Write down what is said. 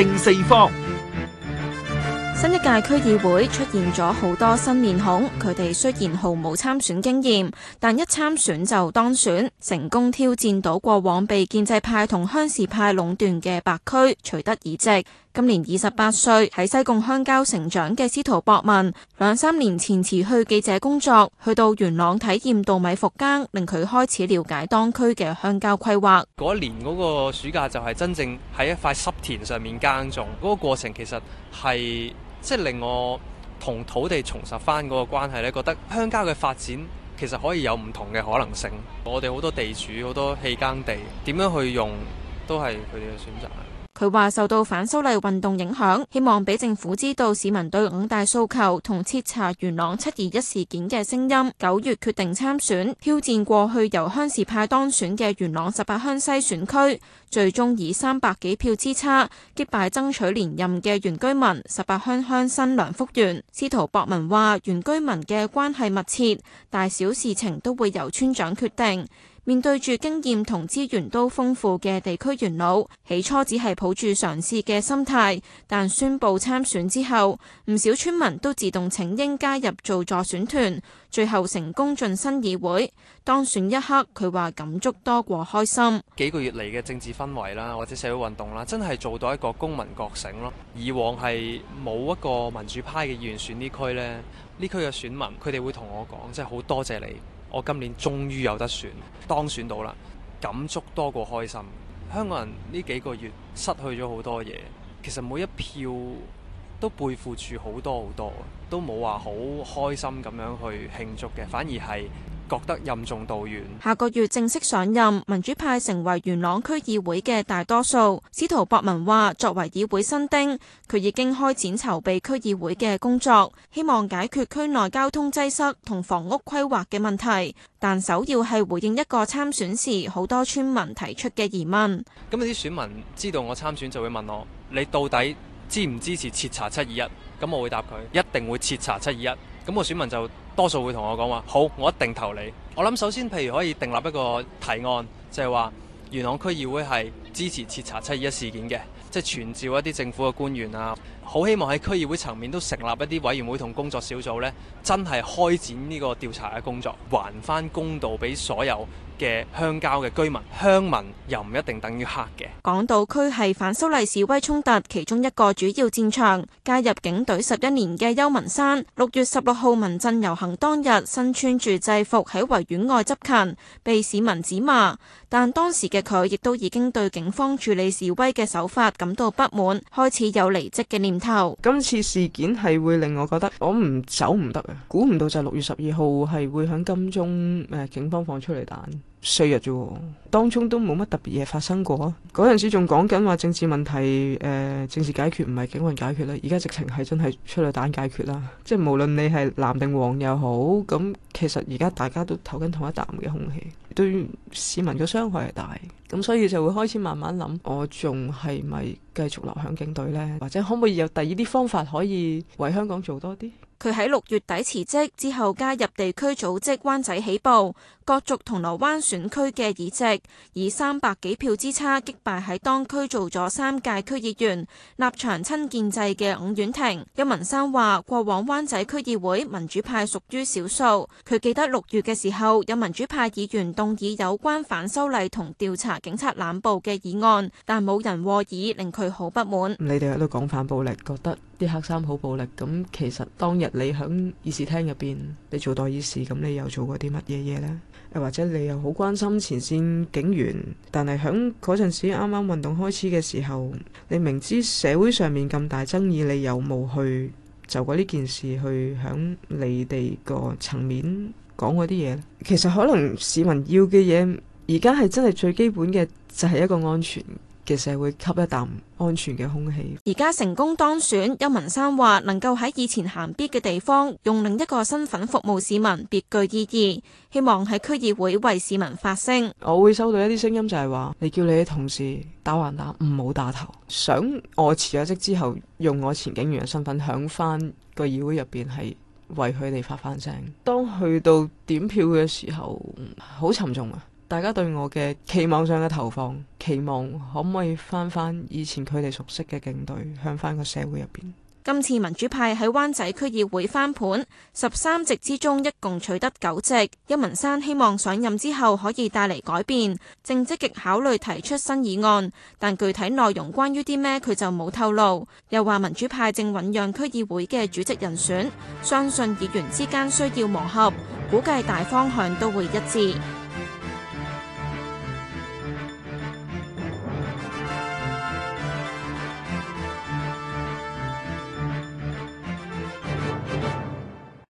正四方，新一屆區議會出現咗好多新面孔。佢哋雖然毫無參選經驗，但一參選就當選，成功挑戰到過往被建制派同鄉事派壟斷嘅白區，取得議席。今年二十八歲，喺西貢鄉郊成長嘅司徒博文，兩三年前辭去記者工作，去到元朗體驗稻米復耕，令佢開始了解當區嘅鄉郊規劃。嗰年嗰個暑假就係真正喺一塊濕田上面耕種，嗰、那個過程其實係即係令我同土地重拾翻嗰個關係咧。覺得鄉郊嘅發展其實可以有唔同嘅可能性。我哋好多地主，好多棄耕地，點樣去用都係佢哋嘅選擇。佢話受到反修例運動影響，希望俾政府知道市民對五大訴求同徹查元朗七二一事件嘅聲音。九月決定參選，挑戰過去由鄉事派當選嘅元朗十八鄉西選區，最終以三百幾票之差擊敗爭取連任嘅原居民十八鄉鄉紳梁福元。司徒博文話：原居民嘅關係密切，大小事情都會由村長決定。面對住經驗同資源都豐富嘅地區元老，起初只係抱住嘗試嘅心態，但宣布參選之後，唔少村民都自動請纓加入做助選團，最後成功晉身議會。當選一刻，佢話感觸多過開心。幾個月嚟嘅政治氛圍啦，或者社會運動啦，真係做到一個公民覺醒咯。以往係冇一個民主派嘅議員選呢區呢，呢區嘅選民佢哋會同我講，真係好多謝你。我今年終於有得選，當選到啦，感觸多過開心。香港人呢幾個月失去咗好多嘢，其實每一票都背負住好多好多，都冇話好開心咁樣去慶祝嘅，反而係。覺得任重道遠。下個月正式上任，民主派成為元朗區議會嘅大多數。司徒博文話：作為議會新丁，佢已經開展籌備區議會嘅工作，希望解決區內交通擠塞同房屋規劃嘅問題。但首要係回應一個參選時好多村民提出嘅疑問。咁啲選民知道我參選就會問我：你到底支唔支持徹查七二一？咁我會答佢：一定會徹查七二一。咁我選民就多數會同我講，話好，我一定投你。我諗首先，譬如可以訂立一個提案，就係話元朗區議會係支持徹查七二一事件嘅，即係傳召一啲政府嘅官員啊。好希望喺區議會層面都成立一啲委員會同工作小組咧，真係開展呢個調查嘅工作，還翻公道俾所有嘅鄉郊嘅居民。鄉民又唔一定等於黑嘅。港島區係反修例示威衝突其中一個主要戰場，加入警隊十一年嘅邱汶珊，六月十六號民陣遊行當日，身穿住制服喺維園外執勤，被市民指罵。但當時嘅佢亦都已經對警方處理示威嘅手法感到不滿，開始有離職嘅念。今次事件係會令我覺得我唔走唔得啊！估唔到就六月十二號係會響金鐘誒、呃、警方放催淚彈，四日啫，當中都冇乜特別嘢發生過。嗰陣時仲講緊話政治問題誒、呃，政治解決唔係警棍解決啦，而家直情係真係催淚彈解決啦。即係無論你係藍定黃又好，咁其實而家大家都唞緊同一啖嘅空氣。對市民嘅傷害係大，咁所以就會開始慢慢諗，我仲係咪繼續留響警隊呢？或者可唔可以有第二啲方法可以為香港做多啲？佢喺六月底辭職，之後加入地區組織，灣仔起步，角逐銅鑼灣選區嘅議席，以三百幾票之差擊敗喺當區做咗三屆區議員、立場親建制嘅伍婉婷。邱汶珊話，過往灣仔區議會民主派屬於少數。佢記得六月嘅時候，有民主派議員動議有關反修例同調查警察濫捕嘅議案，但冇人和議，令佢好不滿。你哋喺度講反暴力，覺得啲黑衫好暴力。咁其實當日你響議事廳入邊，你做代議士，咁你又做過啲乜嘢嘢呢？又或者你又好關心前線警員，但係喺嗰陣時啱啱運動開始嘅時候，你明知社會上面，咁大爭議，你有冇去就過呢件事去響你哋個層面講嗰啲嘢呢？其實可能市民要嘅嘢，而家係真係最基本嘅就係一個安全。嘅社會吸一啖安全嘅空氣。而家成功當選，邱汶珊話能夠喺以前行必嘅地方，用另一個身份服務市民，別具意義。希望喺區議會為市民發聲。我會收到一啲聲音就，就係話你叫你嘅同事打橫打，唔好打頭。想我辭咗職之後，用我前警員嘅身份響翻個議會入邊，係為佢哋發翻聲。當去到點票嘅時候，好沉重啊！大家對我嘅期望上嘅投放期望，可唔可以翻翻以前佢哋熟悉嘅警隊，向翻個社會入邊？今次民主派喺灣仔區議會翻盤，十三席之中一共取得九席。邱汶珊希望上任之後可以帶嚟改變，正積極考慮提出新議案，但具體內容關於啲咩佢就冇透露。又話民主派正醞釀區議會嘅主席人選，相信議員之間需要磨合，估計大方向都會一致。